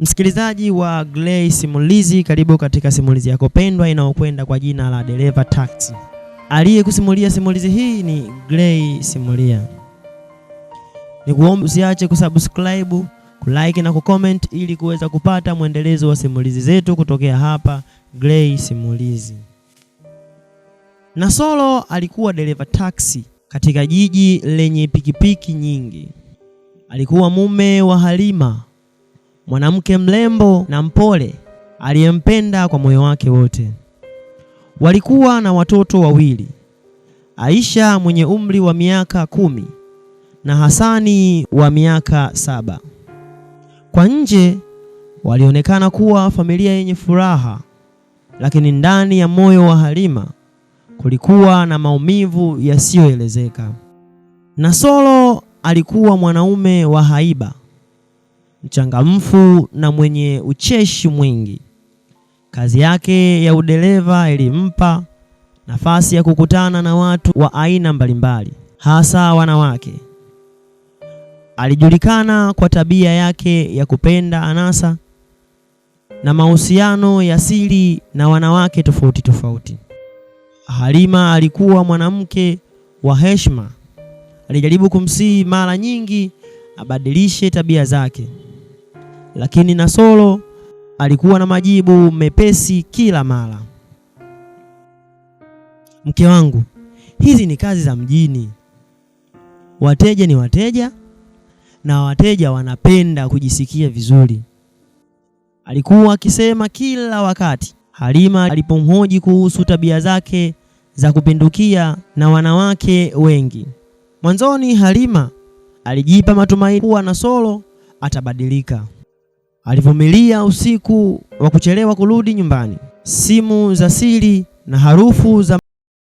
Msikilizaji wa Gray Simulizi, karibu katika simulizi yako pendwa inayokwenda kwa jina la Dereva Taxi. Aliyekusimulia simulizi hii ni Gray Simulia. Nikuombe usiache kusubscribe, kulike na kucomment ili kuweza kupata mwendelezo wa simulizi zetu kutokea hapa Gray Simulizi. Nasolo alikuwa dereva taxi katika jiji lenye pikipiki nyingi. Alikuwa mume wa Halima mwanamke mrembo na mpole aliyempenda kwa moyo wake wote. Walikuwa na watoto wawili, Aisha mwenye umri wa miaka kumi na Hasani wa miaka saba. Kwa nje walionekana kuwa familia yenye furaha, lakini ndani ya moyo wa Halima kulikuwa na maumivu yasiyoelezeka. Nasoro alikuwa mwanaume wa haiba mchangamfu na mwenye ucheshi mwingi. Kazi yake ya udereva ilimpa nafasi ya kukutana na watu wa aina mbalimbali, hasa wanawake. Alijulikana kwa tabia yake ya kupenda anasa na mahusiano ya siri na wanawake tofauti tofauti. Halima alikuwa mwanamke wa heshima. Alijaribu kumsihi mara nyingi abadilishe tabia zake lakini Nasolo alikuwa na majibu mepesi kila mara. Mke wangu, hizi ni kazi za mjini, wateja ni wateja na wateja wanapenda kujisikia vizuri, alikuwa akisema kila wakati Halima alipomhoji kuhusu tabia zake za kupindukia na wanawake wengi. Mwanzoni Halima alijipa matumaini kuwa Nasolo atabadilika alivumilia usiku wa kuchelewa kurudi nyumbani, simu za siri na harufu za